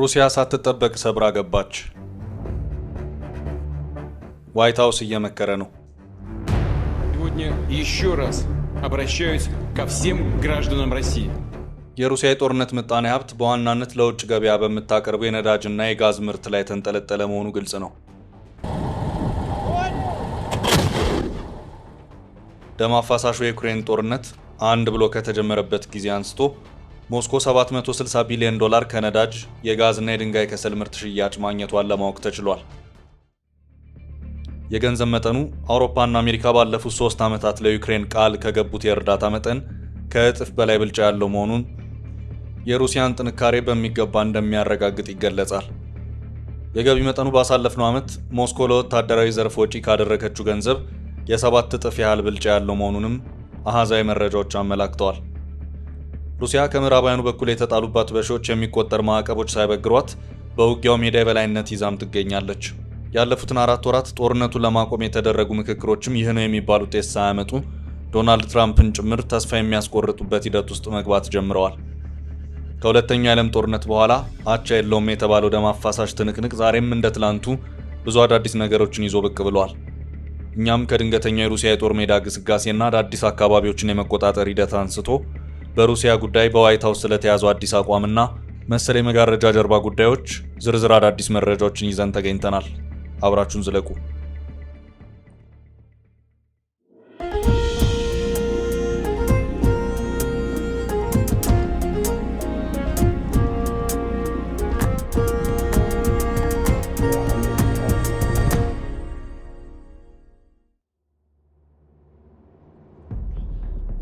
ሩሲያ ሳትጠበቅ ሰብራ ገባች። ዋይት ሀውስ እየመከረ ነው። የሩሲያ የጦርነት ምጣኔ ሀብት በዋናነት ለውጭ ገበያ በምታቀርበው የነዳጅና የጋዝ ምርት ላይ የተንጠለጠለ መሆኑ ግልጽ ነው። ደም አፋሳሹ የዩክሬን ጦርነት አንድ ብሎ ከተጀመረበት ጊዜ አንስቶ ሞስኮ 760 ቢሊዮን ዶላር ከነዳጅ የጋዝና የድንጋይ ከሰል ምርት ሽያጭ ማግኘቷን ለማወቅ ተችሏል። የገንዘብ መጠኑ አውሮፓና አሜሪካ ባለፉት ሶስት ዓመታት ለዩክሬን ቃል ከገቡት የእርዳታ መጠን ከእጥፍ በላይ ብልጫ ያለው መሆኑን የሩሲያን ጥንካሬ በሚገባ እንደሚያረጋግጥ ይገለጻል። የገቢ መጠኑ ባሳለፍነው ዓመት ሞስኮ ለወታደራዊ ዘርፍ ወጪ ካደረገችው ገንዘብ የሰባት እጥፍ ያህል ብልጫ ያለው መሆኑንም አሃዛዊ መረጃዎች አመላክተዋል። ሩሲያ ከምዕራባውያኑ በኩል የተጣሉባት በሺዎች የሚቆጠር ማዕቀቦች ሳይበግሯት በውጊያው ሜዳ የበላይነት ይዛም ትገኛለች። ያለፉትን አራት ወራት ጦርነቱን ለማቆም የተደረጉ ምክክሮችም ይህ ነው የሚባል ውጤት ሳያመጡ ዶናልድ ትራምፕን ጭምር ተስፋ የሚያስቆርጡበት ሂደት ውስጥ መግባት ጀምረዋል። ከሁለተኛው የዓለም ጦርነት በኋላ አቻ የለውም የተባለው ደም አፋሳሽ ትንቅንቅ ዛሬም እንደ ትላንቱ ብዙ አዳዲስ ነገሮችን ይዞ ብቅ ብሏል። እኛም ከድንገተኛ የሩሲያ የጦር ሜዳ ግስጋሴና አዳዲስ አካባቢዎችን የመቆጣጠር ሂደት አንስቶ በሩሲያ ጉዳይ በዋይት ሀውስ ስለተያዘው አዲስ አቋምና መሰል የመጋረጃ ጀርባ ጉዳዮች ዝርዝር አዳዲስ መረጃዎችን ይዘን ተገኝተናል። አብራችሁን ዝለቁ።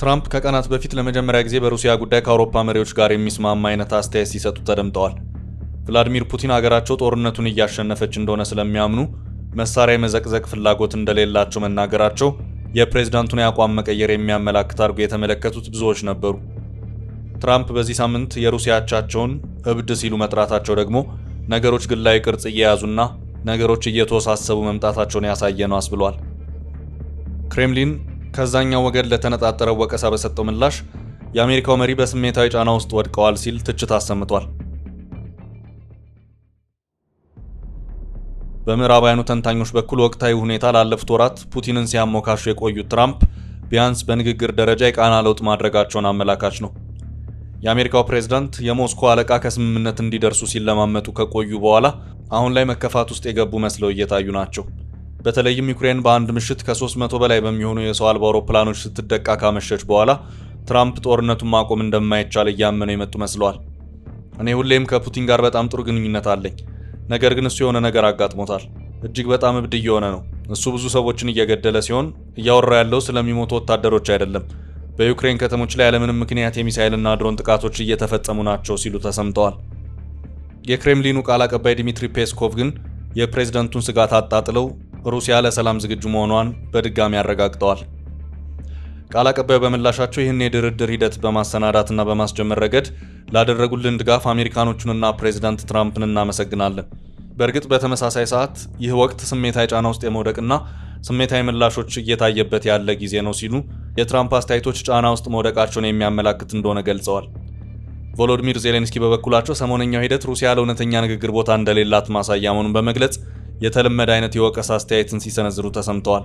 ትራምፕ ከቀናት በፊት ለመጀመሪያ ጊዜ በሩሲያ ጉዳይ ከአውሮፓ መሪዎች ጋር የሚስማማ አይነት አስተያየት ሲሰጡ ተደምጠዋል። ቭላዲሚር ፑቲን አገራቸው ጦርነቱን እያሸነፈች እንደሆነ ስለሚያምኑ መሳሪያ የመዘቅዘቅ ፍላጎት እንደሌላቸው መናገራቸው የፕሬዝዳንቱን የአቋም መቀየር የሚያመላክት አድርጎ የተመለከቱት ብዙዎች ነበሩ። ትራምፕ በዚህ ሳምንት የሩሲያ አቻቸውን እብድ ሲሉ መጥራታቸው ደግሞ ነገሮች ግላዊ ቅርጽ እየያዙና ነገሮች እየተወሳሰቡ መምጣታቸውን ያሳየ ነው አስብሏል። ክሬምሊን ከዛኛው ወገን ለተነጣጠረው ወቀሳ በሰጠው ምላሽ የአሜሪካው መሪ በስሜታዊ ጫና ውስጥ ወድቀዋል ሲል ትችት አሰምቷል። በምዕራባውያኑ ተንታኞች በኩል ወቅታዊ ሁኔታ ላለፉት ወራት ፑቲንን ሲያሞካሹ የቆዩት ትራምፕ ቢያንስ በንግግር ደረጃ የቃና ለውጥ ማድረጋቸውን አመላካች ነው። የአሜሪካው ፕሬዝዳንት የሞስኮ አለቃ ከስምምነት እንዲደርሱ ሲለማመጡ ከቆዩ በኋላ አሁን ላይ መከፋት ውስጥ የገቡ መስለው እየታዩ ናቸው። በተለይም ዩክሬን በአንድ ምሽት ከ300 በላይ በሚሆኑ የሰው አልባ አውሮፕላኖች ስትደቃ ካመሸች በኋላ ትራምፕ ጦርነቱን ማቆም እንደማይቻል እያመነ የመጡ መስለዋል። እኔ ሁሌም ከፑቲን ጋር በጣም ጥሩ ግንኙነት አለኝ። ነገር ግን እሱ የሆነ ነገር አጋጥሞታል። እጅግ በጣም እብድ እየሆነ ነው። እሱ ብዙ ሰዎችን እየገደለ ሲሆን እያወራ ያለው ስለሚሞቱ ወታደሮች አይደለም። በዩክሬን ከተሞች ላይ ያለምንም ምክንያት የሚሳይልና ድሮን ጥቃቶች እየተፈጸሙ ናቸው ሲሉ ተሰምተዋል። የክሬምሊኑ ቃል አቀባይ ዲሚትሪ ፔስኮቭ ግን የፕሬዝደንቱን ስጋት አጣጥለው ሩሲያ ለሰላም ዝግጁ መሆኗን በድጋሚ አረጋግጠዋል። ቃል አቀባዩ በምላሻቸው ይህን የድርድር ሂደት በማሰናዳትና በማስጀመር ረገድ ላደረጉልን ድጋፍ አሜሪካኖቹንና ፕሬዚዳንት ትራምፕን እናመሰግናለን። በእርግጥ በተመሳሳይ ሰዓት ይህ ወቅት ስሜታዊ ጫና ውስጥ የመውደቅና ስሜታዊ ምላሾች እየታየበት ያለ ጊዜ ነው ሲሉ የትራምፕ አስተያየቶች ጫና ውስጥ መውደቃቸውን የሚያመላክት እንደሆነ ገልጸዋል። ቮሎዲሚር ዜሌንስኪ በበኩላቸው ሰሞነኛው ሂደት ሩሲያ ለእውነተኛ ንግግር ቦታ እንደሌላት ማሳያ መሆኑን በመግለጽ የተለመደ አይነት የወቀሳ አስተያየትን ሲሰነዝሩ ተሰምተዋል።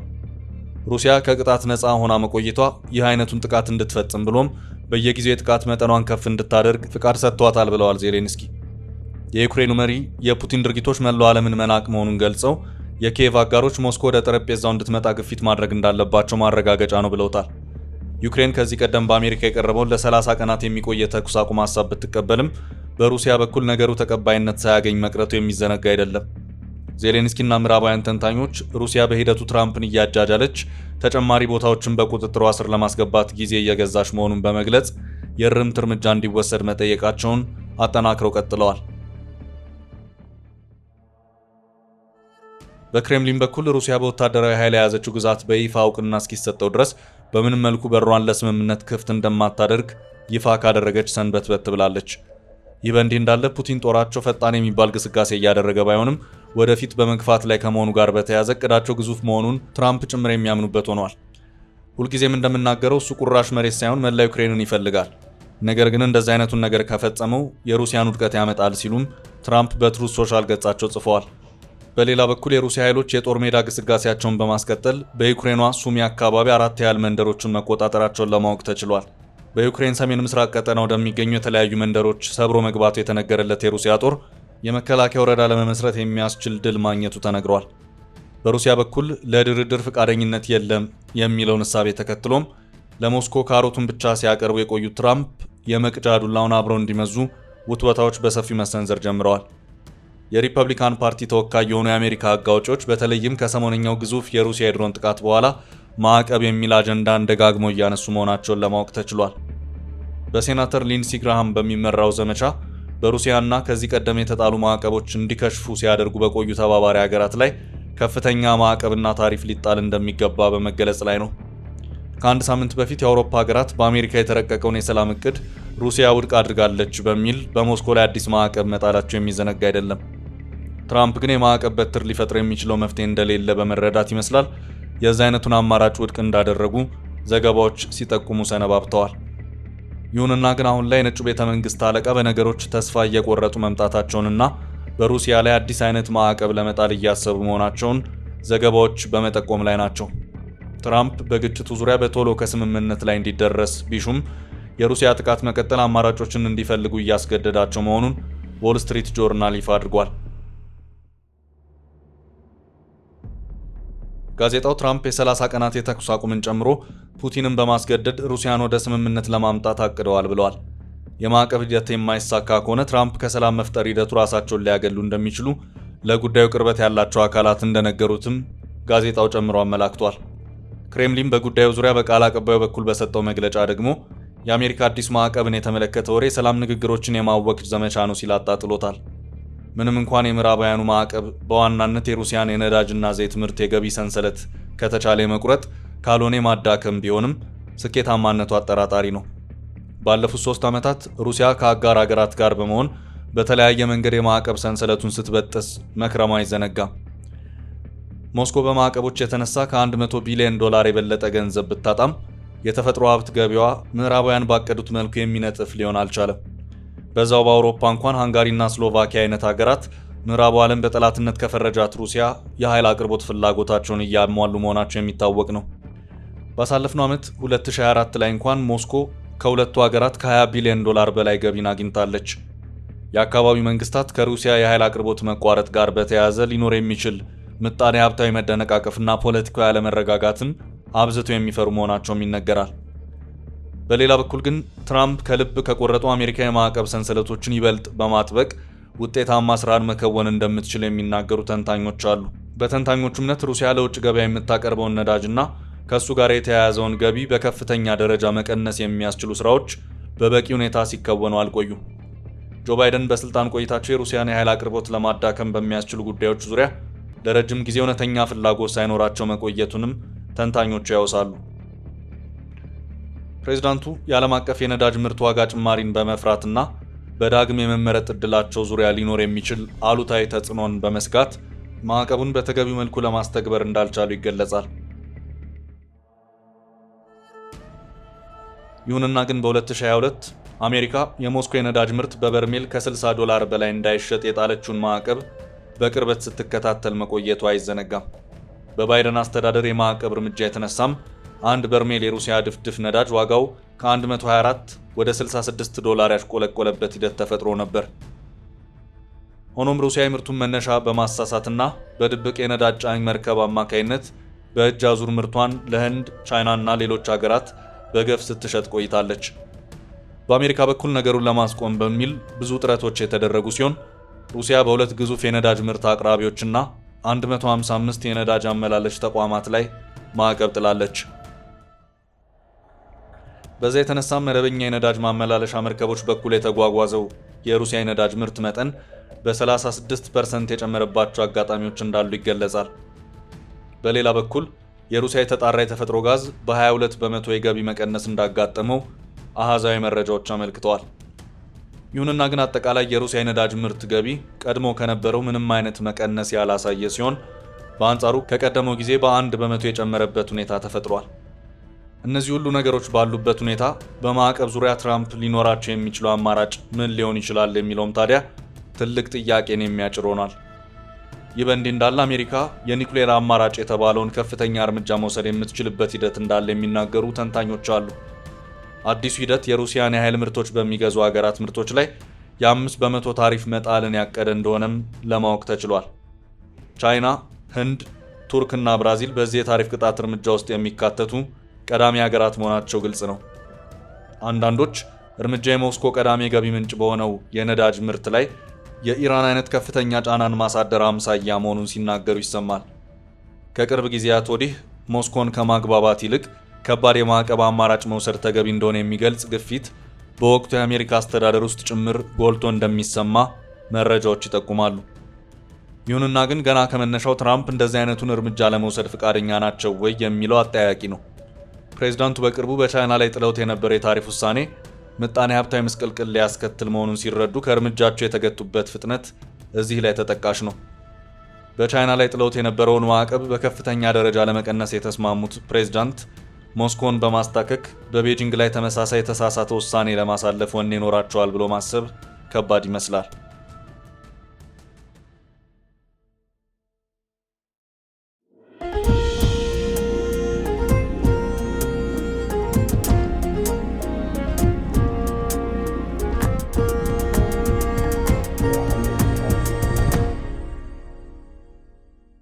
ሩሲያ ከቅጣት ነፃ ሆና መቆየቷ ይህ አይነቱን ጥቃት እንድትፈጽም ብሎም በየጊዜው የጥቃት መጠኗን ከፍ እንድታደርግ ፍቃድ ሰጥቷታል ብለዋል ዜሌንስኪ። የዩክሬኑ መሪ የፑቲን ድርጊቶች መላው ዓለምን መናቅ መሆኑን ገልጸው የኪየቭ አጋሮች ሞስኮ ወደ ጠረጴዛው እንድትመጣ ግፊት ማድረግ እንዳለባቸው ማረጋገጫ ነው ብለውታል። ዩክሬን ከዚህ ቀደም በአሜሪካ የቀረበውን ለ30 ቀናት የሚቆይ የተኩስ አቁም ሀሳብ ብትቀበልም በሩሲያ በኩል ነገሩ ተቀባይነት ሳያገኝ መቅረቱ የሚዘነጋ አይደለም። ዜሌንስኪና ምዕራባውያን ተንታኞች ሩሲያ በሂደቱ ትራምፕን እያጃጃለች ተጨማሪ ቦታዎችን በቁጥጥሯ ስር ለማስገባት ጊዜ እየገዛች መሆኑን በመግለጽ የእርምት እርምጃ እንዲወሰድ መጠየቃቸውን አጠናክረው ቀጥለዋል። በክሬምሊን በኩል ሩሲያ በወታደራዊ ኃይል የያዘችው ግዛት በይፋ እውቅና እስኪሰጠው ድረስ በምንም መልኩ በሯን ለስምምነት ክፍት እንደማታደርግ ይፋ ካደረገች ሰንበት በት ብላለች። ይህ በእንዲህ እንዳለ ፑቲን ጦራቸው ፈጣን የሚባል ግስጋሴ እያደረገ ባይሆንም ወደፊት በመግፋት ላይ ከመሆኑ ጋር በተያያዘ እቅዳቸው ግዙፍ መሆኑን ትራምፕ ጭምር የሚያምኑበት ሆኗል። ሁልጊዜም እንደምናገረው እሱ ቁራሽ መሬት ሳይሆን መላ ዩክሬንን ይፈልጋል። ነገር ግን እንደዚህ አይነቱን ነገር ከፈጸመው የሩሲያን ውድቀት ያመጣል ሲሉም ትራምፕ በትሩዝ ሶሻል ገጻቸው ጽፈዋል። በሌላ በኩል የሩሲያ ኃይሎች የጦር ሜዳ ግስጋሴያቸውን በማስቀጠል በዩክሬኗ ሱሚ አካባቢ አራት ያህል መንደሮችን መቆጣጠራቸውን ለማወቅ ተችሏል። በዩክሬን ሰሜን ምስራቅ ቀጠና ወደሚገኙ የተለያዩ መንደሮች ሰብሮ መግባቱ የተነገረለት የሩሲያ ጦር የመከላከያ ወረዳ ለመመስረት የሚያስችል ድል ማግኘቱ ተነግሯል። በሩሲያ በኩል ለድርድር ፈቃደኝነት የለም የሚለውን እሳቤ ተከትሎም ለሞስኮ ካሮቱን ብቻ ሲያቀርቡ የቆዩት ትራምፕ የመቅጫ ዱላውን አብረው እንዲመዙ ውትበታዎች በሰፊው መሰንዘር ጀምረዋል። የሪፐብሊካን ፓርቲ ተወካይ የሆኑ የአሜሪካ ሕግ አውጪዎች በተለይም ከሰሞነኛው ግዙፍ የሩሲያ የድሮን ጥቃት በኋላ ማዕቀብ የሚል አጀንዳን ደጋግሞ እያነሱ መሆናቸውን ለማወቅ ተችሏል። በሴናተር ሊንሲ ግራሃም በሚመራው ዘመቻ በሩሲያና ከዚህ ቀደም የተጣሉ ማዕቀቦች እንዲከሽፉ ሲያደርጉ በቆዩ ተባባሪ ሀገራት ላይ ከፍተኛ ማዕቀብና ታሪፍ ሊጣል እንደሚገባ በመገለጽ ላይ ነው። ከአንድ ሳምንት በፊት የአውሮፓ ሀገራት በአሜሪካ የተረቀቀውን የሰላም እቅድ ሩሲያ ውድቅ አድርጋለች በሚል በሞስኮ ላይ አዲስ ማዕቀብ መጣላቸው የሚዘነጋ አይደለም። ትራምፕ ግን የማዕቀብ በትር ሊፈጥር የሚችለው መፍትሄ እንደሌለ በመረዳት ይመስላል የዚህ አይነቱን አማራጭ ውድቅ እንዳደረጉ ዘገባዎች ሲጠቁሙ ሰነባብተዋል። ይሁንና ግን አሁን ላይ ነጩ ቤተ መንግስት አለቃ በነገሮች ተስፋ እየቆረጡ መምጣታቸውንና በሩሲያ ላይ አዲስ አይነት ማዕቀብ ለመጣል እያሰቡ መሆናቸውን ዘገባዎች በመጠቆም ላይ ናቸው። ትራምፕ በግጭቱ ዙሪያ በቶሎ ከስምምነት ላይ እንዲደረስ ቢሹም የሩሲያ ጥቃት መቀጠል አማራጮችን እንዲፈልጉ እያስገደዳቸው መሆኑን ዎል ስትሪት ጆርናል ይፋ አድርጓል። ጋዜጣው ትራምፕ የ30 ቀናት የተኩስ አቁምን ጨምሮ ፑቲንን በማስገደድ ሩሲያን ወደ ስምምነት ለማምጣት አቅደዋል ብለዋል። የማዕቀብ ሂደት የማይሳካ ከሆነ ትራምፕ ከሰላም መፍጠር ሂደቱ ራሳቸውን ሊያገሉ እንደሚችሉ ለጉዳዩ ቅርበት ያላቸው አካላት እንደነገሩትም ጋዜጣው ጨምሮ አመላክቷል። ክሬምሊን በጉዳዩ ዙሪያ በቃል አቀባዩ በኩል በሰጠው መግለጫ ደግሞ የአሜሪካ አዲስ ማዕቀብን የተመለከተ ወሬ የሰላም ንግግሮችን የማወክ ዘመቻ ነው ሲል አጣጥሎታል። ምንም እንኳን የምዕራባውያኑ ማዕቀብ በዋናነት የሩሲያን የነዳጅና ዘይት ምርት የገቢ ሰንሰለት ከተቻለ የመቁረጥ ካልሆነ ማዳከም ቢሆንም ስኬታማነቱ አጠራጣሪ ነው። ባለፉት ሶስት ዓመታት ሩሲያ ከአጋር አገራት ጋር በመሆን በተለያየ መንገድ የማዕቀብ ሰንሰለቱን ስትበጥስ መክረሙ አይዘነጋም። ሞስኮ በማዕቀቦች የተነሳ ከ100 ቢሊዮን ዶላር የበለጠ ገንዘብ ብታጣም የተፈጥሮ ሀብት ገቢዋ ምዕራባውያን ባቀዱት መልኩ የሚነጥፍ ሊሆን አልቻለም። በዛው በአውሮፓ እንኳን ሃንጋሪና ስሎቫኪያ አይነት ሀገራት ምዕራቡ ዓለም በጠላትነት ከፈረጃት ሩሲያ የኃይል አቅርቦት ፍላጎታቸውን እያሟሉ መሆናቸው የሚታወቅ ነው። ባሳለፍነው ዓመት 2024 ላይ እንኳን ሞስኮ ከሁለቱ ሀገራት ከ20 ቢሊዮን ዶላር በላይ ገቢን አግኝታለች። የአካባቢው መንግስታት ከሩሲያ የኃይል አቅርቦት መቋረጥ ጋር በተያያዘ ሊኖር የሚችል ምጣኔ ሀብታዊ መደነቃቀፍና ፖለቲካዊ አለመረጋጋትን አብዝተው የሚፈሩ መሆናቸውም ይነገራል። በሌላ በኩል ግን ትራምፕ ከልብ ከቆረጡ አሜሪካ የማዕቀብ ሰንሰለቶችን ይበልጥ በማጥበቅ ውጤታማ ስራን መከወን እንደምትችል የሚናገሩ ተንታኞች አሉ። በተንታኞቹ እምነት ሩሲያ ለውጭ ገበያ የምታቀርበውን ነዳጅና ከእሱ ጋር የተያያዘውን ገቢ በከፍተኛ ደረጃ መቀነስ የሚያስችሉ ስራዎች በበቂ ሁኔታ ሲከወኑ አልቆዩም። ጆ ባይደን በስልጣን ቆይታቸው የሩሲያን የኃይል አቅርቦት ለማዳከም በሚያስችሉ ጉዳዮች ዙሪያ ለረጅም ጊዜ እውነተኛ ፍላጎት ሳይኖራቸው መቆየቱንም ተንታኞቹ ያውሳሉ። ፕሬዚዳንቱ የዓለም አቀፍ የነዳጅ ምርት ዋጋ ጭማሪን በመፍራትና በዳግም የመመረጥ ዕድላቸው ዙሪያ ሊኖር የሚችል አሉታዊ ተጽዕኖን በመስጋት ማዕቀቡን በተገቢው መልኩ ለማስተግበር እንዳልቻሉ ይገለጻል። ይሁንና ግን በ2022 አሜሪካ የሞስኮ የነዳጅ ምርት በበርሜል ከ60 ዶላር በላይ እንዳይሸጥ የጣለችውን ማዕቀብ በቅርበት ስትከታተል መቆየቱ አይዘነጋም። በባይደን አስተዳደር የማዕቀብ እርምጃ የተነሳም አንድ በርሜል የሩሲያ ድፍድፍ ነዳጅ ዋጋው ከ124 ወደ 66 ዶላር ያሽቆለቆለበት ሂደት ተፈጥሮ ነበር። ሆኖም ሩሲያ የምርቱን መነሻ በማሳሳትና በድብቅ የነዳጅ ጫኝ መርከብ አማካይነት በእጅ አዙር ምርቷን ለህንድ፣ ቻይናና ሌሎች ሀገራት በገፍ ስትሸጥ ቆይታለች። በአሜሪካ በኩል ነገሩን ለማስቆም በሚል ብዙ ጥረቶች የተደረጉ ሲሆን ሩሲያ በሁለት ግዙፍ የነዳጅ ምርት አቅራቢዎችና 155 የነዳጅ አመላለሽ ተቋማት ላይ ማዕቀብ ጥላለች። በዛ የተነሳም መደበኛ የነዳጅ ማመላለሻ መርከቦች በኩል የተጓጓዘው የሩሲያ የነዳጅ ምርት መጠን በ36 ፐርሰንት የጨመረባቸው አጋጣሚዎች እንዳሉ ይገለጻል። በሌላ በኩል የሩሲያ የተጣራ የተፈጥሮ ጋዝ በ22 በመቶ የገቢ መቀነስ እንዳጋጠመው አሃዛዊ መረጃዎች አመልክተዋል። ይሁንና ግን አጠቃላይ የሩሲያ የነዳጅ ምርት ገቢ ቀድሞ ከነበረው ምንም አይነት መቀነስ ያላሳየ ሲሆን በአንጻሩ ከቀደመው ጊዜ በአንድ በመቶ የጨመረበት ሁኔታ ተፈጥሯል። እነዚህ ሁሉ ነገሮች ባሉበት ሁኔታ በማዕቀብ ዙሪያ ትራምፕ ሊኖራቸው የሚችለው አማራጭ ምን ሊሆን ይችላል የሚለውም ታዲያ ትልቅ ጥያቄን የሚያጭር ሆኗል። ይህ በእንዲህ እንዳለ አሜሪካ የኒውክሌር አማራጭ የተባለውን ከፍተኛ እርምጃ መውሰድ የምትችልበት ሂደት እንዳለ የሚናገሩ ተንታኞች አሉ። አዲሱ ሂደት የሩሲያን የኃይል ምርቶች በሚገዙ ሀገራት ምርቶች ላይ የአምስት በመቶ ታሪፍ መጣልን ያቀደ እንደሆነም ለማወቅ ተችሏል። ቻይና፣ ህንድ፣ ቱርክ እና ብራዚል በዚህ የታሪፍ ቅጣት እርምጃ ውስጥ የሚካተቱ ቀዳሚ ሀገራት መሆናቸው ግልጽ ነው። አንዳንዶች እርምጃ የሞስኮ ቀዳሚ ገቢ ምንጭ በሆነው የነዳጅ ምርት ላይ የኢራን አይነት ከፍተኛ ጫናን ማሳደር አምሳያ መሆኑን ሲናገሩ ይሰማል። ከቅርብ ጊዜያት ወዲህ ሞስኮን ከማግባባት ይልቅ ከባድ የማዕቀብ አማራጭ መውሰድ ተገቢ እንደሆነ የሚገልጽ ግፊት በወቅቱ የአሜሪካ አስተዳደር ውስጥ ጭምር ጎልቶ እንደሚሰማ መረጃዎች ይጠቁማሉ። ይሁንና ግን ገና ከመነሻው ትራምፕ እንደዚህ አይነቱን እርምጃ ለመውሰድ ፈቃደኛ ናቸው ወይ የሚለው አጠያያቂ ነው። ፕሬዚዳንቱ በቅርቡ በቻይና ላይ ጥለውት የነበረ የታሪፍ ውሳኔ ምጣኔ ሀብታዊ ምስቅልቅል ሊያስከትል መሆኑን ሲረዱ ከእርምጃቸው የተገቱበት ፍጥነት እዚህ ላይ ተጠቃሽ ነው። በቻይና ላይ ጥለውት የነበረውን ማዕቀብ በከፍተኛ ደረጃ ለመቀነስ የተስማሙት ፕሬዚዳንት ሞስኮን በማስታከክ በቤጂንግ ላይ ተመሳሳይ የተሳሳተ ውሳኔ ለማሳለፍ ወኔ ይኖራቸዋል ብሎ ማሰብ ከባድ ይመስላል።